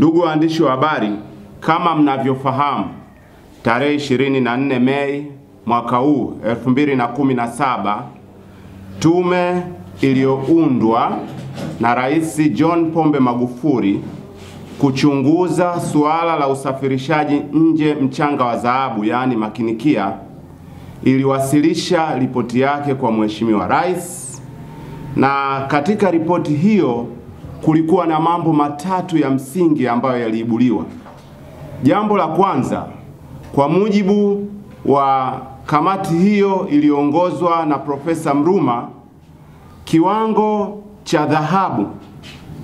Ndugu waandishi wa habari, kama mnavyofahamu, tarehe 24 Mei mwaka huu 2017 tume iliyoundwa na Rais John Pombe Magufuli kuchunguza suala la usafirishaji nje mchanga wa dhahabu yaani makinikia iliwasilisha ripoti yake kwa Mheshimiwa Rais, na katika ripoti hiyo kulikuwa na mambo matatu ya msingi ambayo yaliibuliwa. Jambo la kwanza, kwa mujibu wa kamati hiyo iliyoongozwa na Profesa Mruma, kiwango cha dhahabu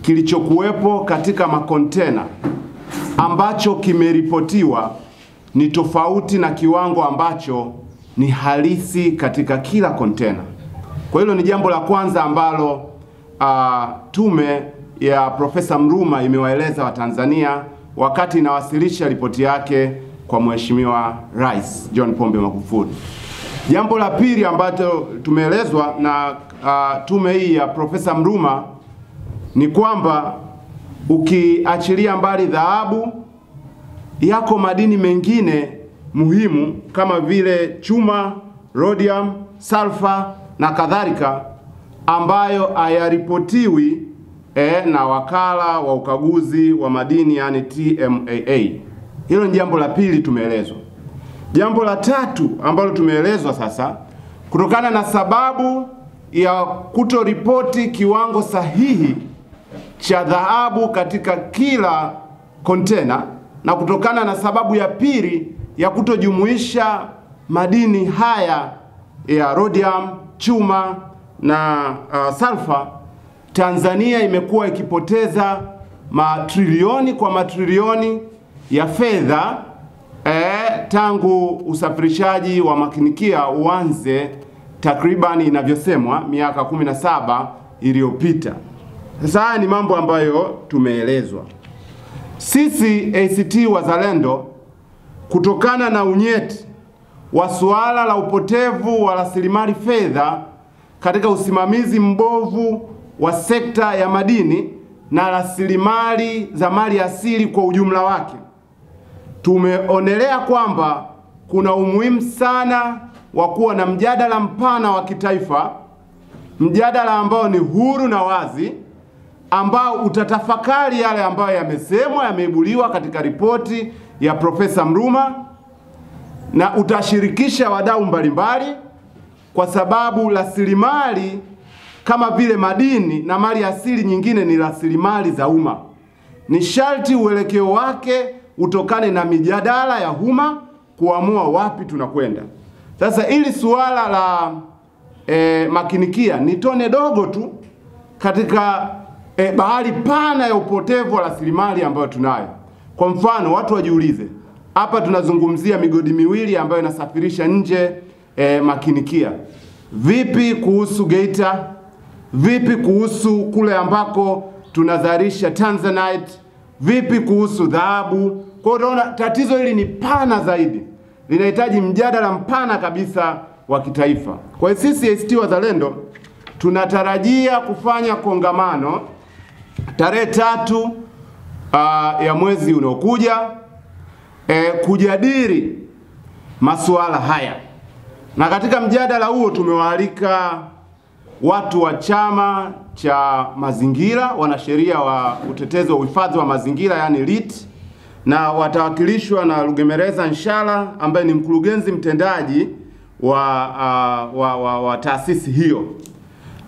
kilichokuwepo katika makontena ambacho kimeripotiwa ni tofauti na kiwango ambacho ni halisi katika kila kontena. Kwa hilo ni jambo la kwanza ambalo uh, tume ya Profesa Mruma imewaeleza Watanzania wakati inawasilisha ripoti yake kwa Mheshimiwa Rais John Pombe Magufuli. Jambo la pili ambalo tumeelezwa na uh, tume hii ya Profesa Mruma ni kwamba ukiachilia mbali dhahabu, yako madini mengine muhimu kama vile chuma, rhodium, sulfur na kadhalika ambayo hayaripotiwi e, na wakala wa ukaguzi wa madini yani TMAA. Hilo ni jambo la pili tumeelezwa. Jambo la tatu ambalo tumeelezwa sasa, kutokana na sababu ya kutoripoti kiwango sahihi cha dhahabu katika kila kontena na kutokana na sababu ya pili ya kutojumuisha madini haya ya rhodium, chuma na uh, sulfur Tanzania imekuwa ikipoteza matrilioni kwa matrilioni ya fedha eh, tangu usafirishaji wa makinikia uanze takriban inavyosemwa miaka 17 iliyopita. Sasa haya ni mambo ambayo tumeelezwa sisi ACT Wazalendo, kutokana na unyeti wa suala la upotevu wa rasilimali fedha katika usimamizi mbovu wa sekta ya madini na rasilimali za mali asili kwa ujumla wake, tumeonelea kwamba kuna umuhimu sana wa kuwa na mjadala mpana wa kitaifa, mjadala ambao ni huru na wazi, ambao utatafakari yale ambayo yamesemwa, yameibuliwa katika ripoti ya Profesa Mruma na utashirikisha wadau mbalimbali, kwa sababu rasilimali kama vile madini na mali asili nyingine ni rasilimali za umma. Ni sharti uelekeo wake utokane na mijadala ya umma kuamua wapi tunakwenda. Sasa ili suala la e, makinikia ni tone dogo tu katika e, bahari pana ya upotevu wa rasilimali ambayo tunayo. Kwa mfano, watu wajiulize, hapa tunazungumzia migodi miwili ambayo inasafirisha nje e, makinikia. Vipi kuhusu Geita Vipi kuhusu kule ambako tunazalisha Tanzanite? Vipi kuhusu dhahabu? Kwa hiyo unaona tatizo hili ni pana zaidi, linahitaji mjadala mpana kabisa wa kitaifa. Kwa hiyo sisi ACT Wazalendo tunatarajia kufanya kongamano tarehe tatu uh, ya mwezi unaokuja e, kujadili masuala haya, na katika mjadala huo tumewaalika watu wa chama cha mazingira, wanasheria wa utetezi wa uhifadhi wa mazingira yani LIT, na watawakilishwa na Lugemereza Nshala ambaye ni mkurugenzi mtendaji wa, uh, wa, wa, wa taasisi hiyo.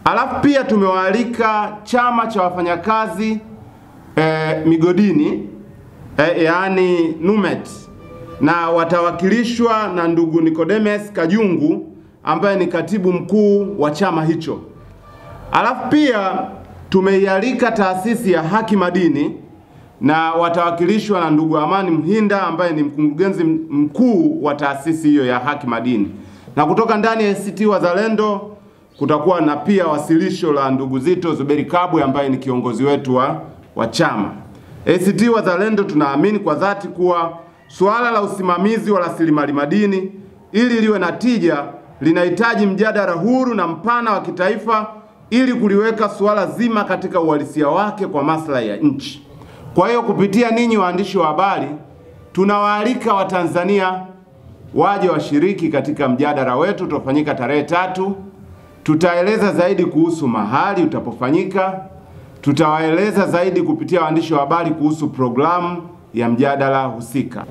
Alafu pia tumewaalika chama cha wafanyakazi eh, migodini eh, yaani NUMET na watawakilishwa na ndugu Nicodemus Kajungu ambaye ni katibu mkuu wa chama hicho. Alafu pia tumeialika taasisi ya Haki Madini na watawakilishwa na ndugu Amani Mhinda ambaye ni mkurugenzi mkuu wa taasisi hiyo ya Haki Madini, na kutoka ndani ya ACT Wazalendo kutakuwa na pia wasilisho la ndugu Zito Zuberi Kabwe ambaye ni kiongozi wetu wa, wa chama. ACT Wazalendo tunaamini kwa dhati kuwa suala la usimamizi wa rasilimali madini ili liwe na tija linahitaji mjadala huru na mpana wa kitaifa ili kuliweka suala zima katika uhalisia wake kwa maslahi ya nchi. Kwa hiyo kupitia ninyi waandishi wa habari, tunawaalika Watanzania waje washiriki katika mjadala wetu utafanyika tarehe tatu. Tutaeleza zaidi kuhusu mahali utapofanyika, tutawaeleza zaidi kupitia waandishi wa habari kuhusu programu ya mjadala husika,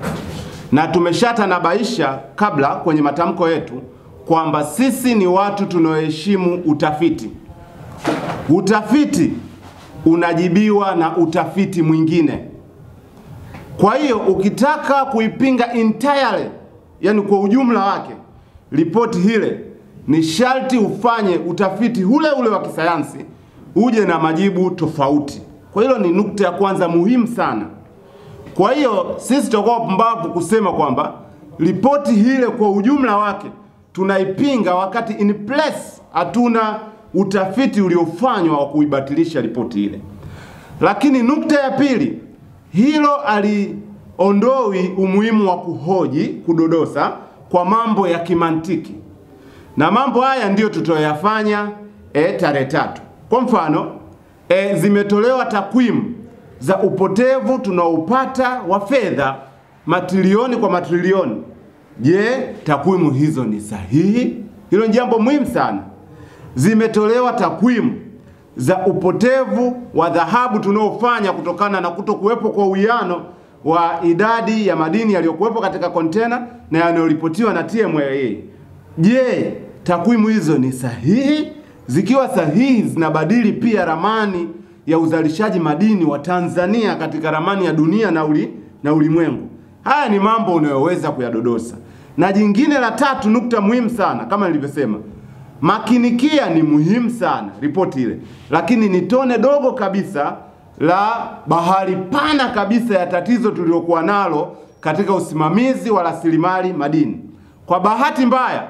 na tumeshatanabaisha kabla kwenye matamko yetu kwamba sisi ni watu tunaoheshimu utafiti. Utafiti unajibiwa na utafiti mwingine. Kwa hiyo ukitaka kuipinga entirely, yani kwa ujumla wake, ripoti hile, ni sharti ufanye utafiti ule ule wa kisayansi, uje na majibu tofauti. Kwa hilo ni nukta ya kwanza muhimu sana. Kwa hiyo sisi tutakuwa pumbavu kusema kwamba ripoti hile kwa ujumla wake tunaipinga wakati in place hatuna utafiti uliofanywa wa kuibatilisha ripoti ile. Lakini nukta ya pili, hilo aliondoi umuhimu wa kuhoji, kudodosa kwa mambo ya kimantiki, na mambo haya ndiyo tutayoyafanya e, tarehe tatu. Kwa mfano e, zimetolewa takwimu za upotevu tunaoupata wa fedha matrilioni kwa matrilioni Je, takwimu hizo ni sahihi? Hilo ni jambo muhimu sana. Zimetolewa takwimu za upotevu wa dhahabu tunaofanya kutokana na kutokuwepo kwa uwiano wa idadi ya madini yaliyokuwepo katika kontena na yanayoripotiwa na TMA. Je, takwimu hizo ni sahihi? Zikiwa sahihi, zinabadili pia ramani ya uzalishaji madini wa Tanzania katika ramani ya dunia na, uli, na ulimwengu. Haya ni mambo unayoweza kuyadodosa. Na jingine la tatu, nukta muhimu sana kama nilivyosema, makinikia ni muhimu sana ripoti ile, lakini ni tone dogo kabisa la bahari pana kabisa ya tatizo tulilokuwa nalo katika usimamizi wa rasilimali madini. Kwa bahati mbaya,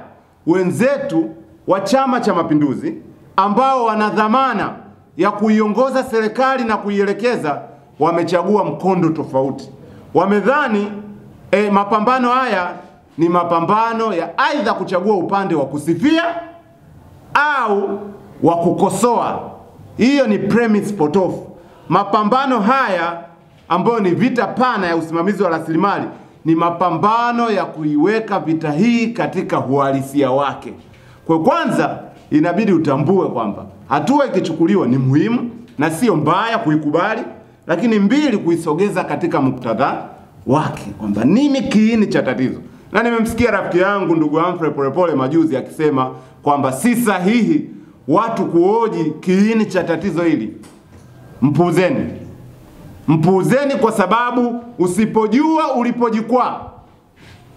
wenzetu wa Chama cha Mapinduzi ambao wana dhamana ya kuiongoza serikali na kuielekeza wamechagua mkondo tofauti. Wamedhani e, mapambano haya ni mapambano ya aidha kuchagua upande wa kusifia au wa kukosoa. Hiyo ni premise potofu. Mapambano haya ambayo ni vita pana ya usimamizi wa rasilimali ni mapambano ya kuiweka vita hii katika uhalisia wake. Kwa kwanza, inabidi utambue kwamba hatua ikichukuliwa ni muhimu na sio mbaya kuikubali, lakini mbili, kuisogeza katika muktadha wake, kwamba nini kiini cha tatizo. Na nimemsikia rafiki yangu ndugu Humphrey Polepole majuzi akisema kwamba si sahihi watu kuoji kiini cha tatizo hili. Mpuuzeni, mpuuzeni kwa sababu usipojua ulipojikwaa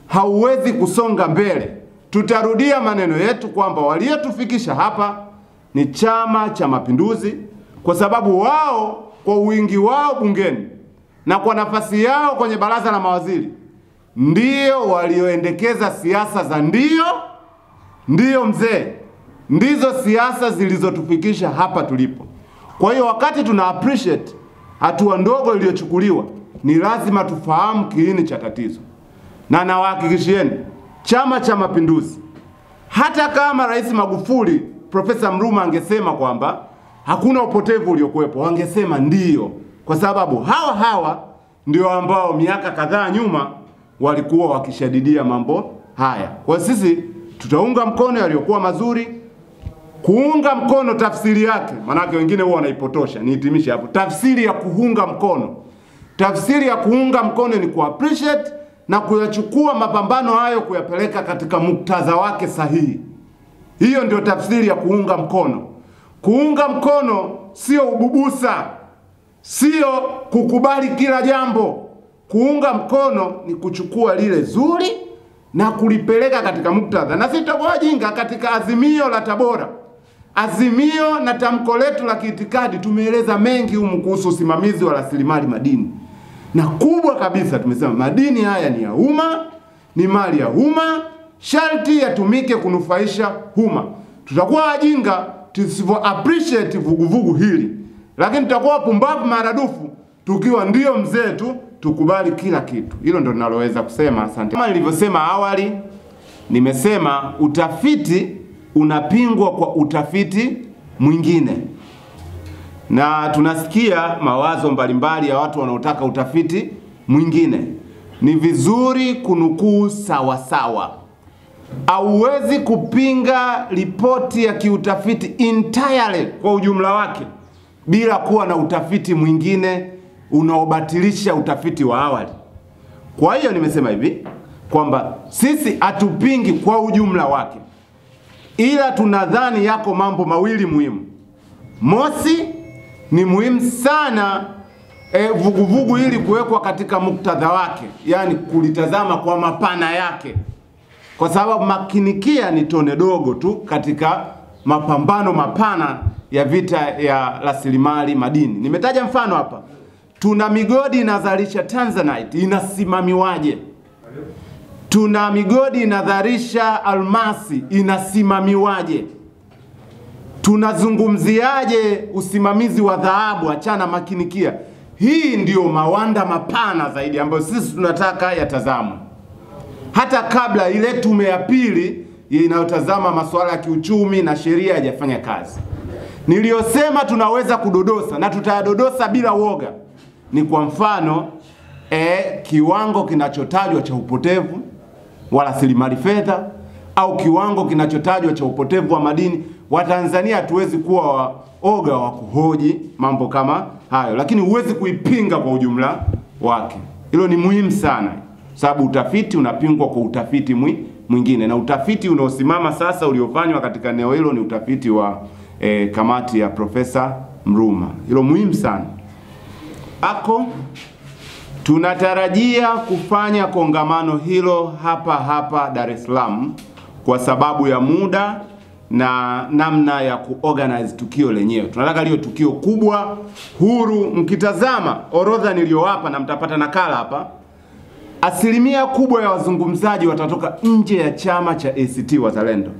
hauwezi kusonga mbele. Tutarudia maneno yetu kwamba waliotufikisha hapa ni Chama cha Mapinduzi, kwa sababu wao kwa wingi wao bungeni na kwa nafasi yao kwenye baraza la mawaziri ndio walioendekeza siasa za ndio ndio mzee, ndizo siasa zilizotufikisha hapa tulipo. Kwa hiyo wakati tuna appreciate hatua ndogo iliyochukuliwa, ni lazima tufahamu kiini cha tatizo, na nawahakikishieni Chama cha Mapinduzi, hata kama Rais Magufuli, Profesa Mruma angesema kwamba hakuna upotevu uliokuwepo, wangesema ndiyo, kwa sababu hawa hawa ndio ambao miaka kadhaa nyuma walikuwa wakishadidia mambo haya. Kwa sisi tutaunga mkono yaliyokuwa mazuri, kuunga mkono tafsiri yake, maanake wengine huwa wanaipotosha. Nihitimishe hapo, tafsiri ya kuunga mkono, tafsiri ya kuunga mkono ni kuappreciate na kuyachukua mapambano hayo kuyapeleka katika muktadha wake sahihi. Hiyo ndio tafsiri ya kuunga mkono. Kuunga mkono sio ububusa, sio kukubali kila jambo Kuunga mkono ni kuchukua lile zuri na kulipeleka katika muktadha, na sitakuwa Jinga, Katika azimio la Tabora, azimio na tamko letu la kiitikadi, tumeeleza mengi humu kuhusu usimamizi wa rasilimali madini, na kubwa kabisa tumesema madini haya ni ya umma, ni mali ya umma, sharti yatumike kunufaisha umma. Tutakuwa wajinga tusivyo appreciate vuguvugu hili, lakini tutakuwa pumbavu maradufu tukiwa ndiyo mzee tu tukubali kila kitu. Hilo ndo ninaloweza kusema, asante. Kama nilivyosema awali, nimesema utafiti unapingwa kwa utafiti mwingine, na tunasikia mawazo mbalimbali ya watu wanaotaka utafiti mwingine. Ni vizuri kunukuu sawasawa. Hauwezi kupinga ripoti ya kiutafiti entirely kwa ujumla wake bila kuwa na utafiti mwingine unaobatilisha utafiti wa awali. Kwa hiyo nimesema hivi kwamba sisi hatupingi kwa ujumla wake, ila tunadhani yako mambo mawili muhimu. Mosi, ni muhimu sana eh, vuguvugu e, vugu ili kuwekwa katika muktadha wake, yaani kulitazama kwa mapana yake, kwa sababu makinikia ni tone dogo tu katika mapambano mapana ya vita ya rasilimali madini. Nimetaja mfano hapa Tuna migodi inazalisha tanzanite inasimamiwaje? Tuna migodi inadharisha almasi inasimamiwaje? Tunazungumziaje usimamizi wa dhahabu? Achana makinikia. Hii ndiyo mawanda mapana zaidi ambayo sisi tunataka yatazamwe, hata kabla ile tume ya pili inayotazama masuala ya kiuchumi na sheria yajafanya kazi. Niliyosema tunaweza kudodosa na tutayadodosa bila woga ni kwa mfano e, kiwango kinachotajwa cha upotevu wa rasilimali fedha au kiwango kinachotajwa cha upotevu wa madini. Watanzania hatuwezi kuwa waoga wa kuhoji mambo kama hayo, lakini huwezi kuipinga kwa ujumla wake. Hilo ni muhimu sana, sababu utafiti unapingwa kwa utafiti mwingine, na utafiti unaosimama sasa uliofanywa katika eneo hilo ni utafiti wa e, kamati ya Profesa Mruma. Hilo muhimu sana. Ako. Tunatarajia kufanya kongamano hilo hapa hapa Dar es Salaam kwa sababu ya muda na namna ya kuorganize tukio lenyewe. Tunataka liyo tukio kubwa huru. Mkitazama orodha niliyowapa na mtapata nakala hapa, asilimia kubwa ya wazungumzaji watatoka nje ya chama cha ACT Wazalendo,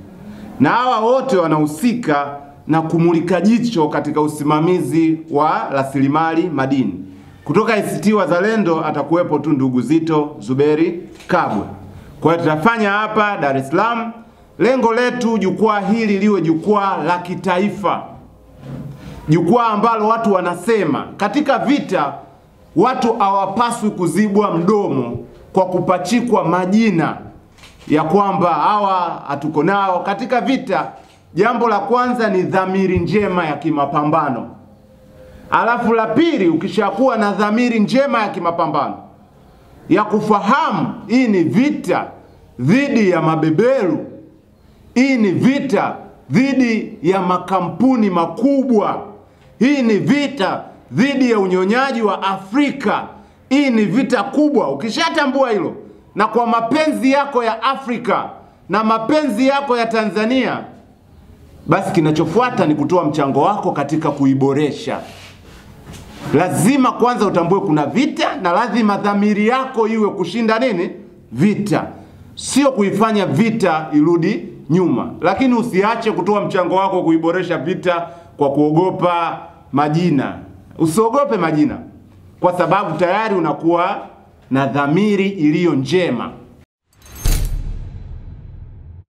na hawa wote wanahusika na kumulika jicho katika usimamizi wa rasilimali madini kutoka ACT Wazalendo atakuwepo tu ndugu Zito Zuberi Kabwe. Kwa hiyo tutafanya hapa Dar es Salaam. Lengo letu jukwaa hili liwe jukwaa la kitaifa, jukwaa ambalo watu wanasema. Katika vita watu hawapaswi kuzibwa mdomo kwa kupachikwa majina ya kwamba hawa hatuko nao katika vita. Jambo la kwanza ni dhamiri njema ya kimapambano. Alafu la pili, ukishakuwa na dhamiri njema ya kimapambano ya kufahamu hii ni vita dhidi ya mabeberu, hii ni vita dhidi ya makampuni makubwa, hii ni vita dhidi ya unyonyaji wa Afrika, hii ni vita kubwa. Ukishatambua hilo na kwa mapenzi yako ya Afrika na mapenzi yako ya Tanzania, basi kinachofuata ni kutoa mchango wako katika kuiboresha lazima kwanza utambue kuna vita, na lazima dhamiri yako iwe kushinda nini vita, sio kuifanya vita irudi nyuma, lakini usiache kutoa mchango wako kuiboresha vita kwa kuogopa majina. Usiogope majina, kwa sababu tayari unakuwa na dhamiri iliyo njema.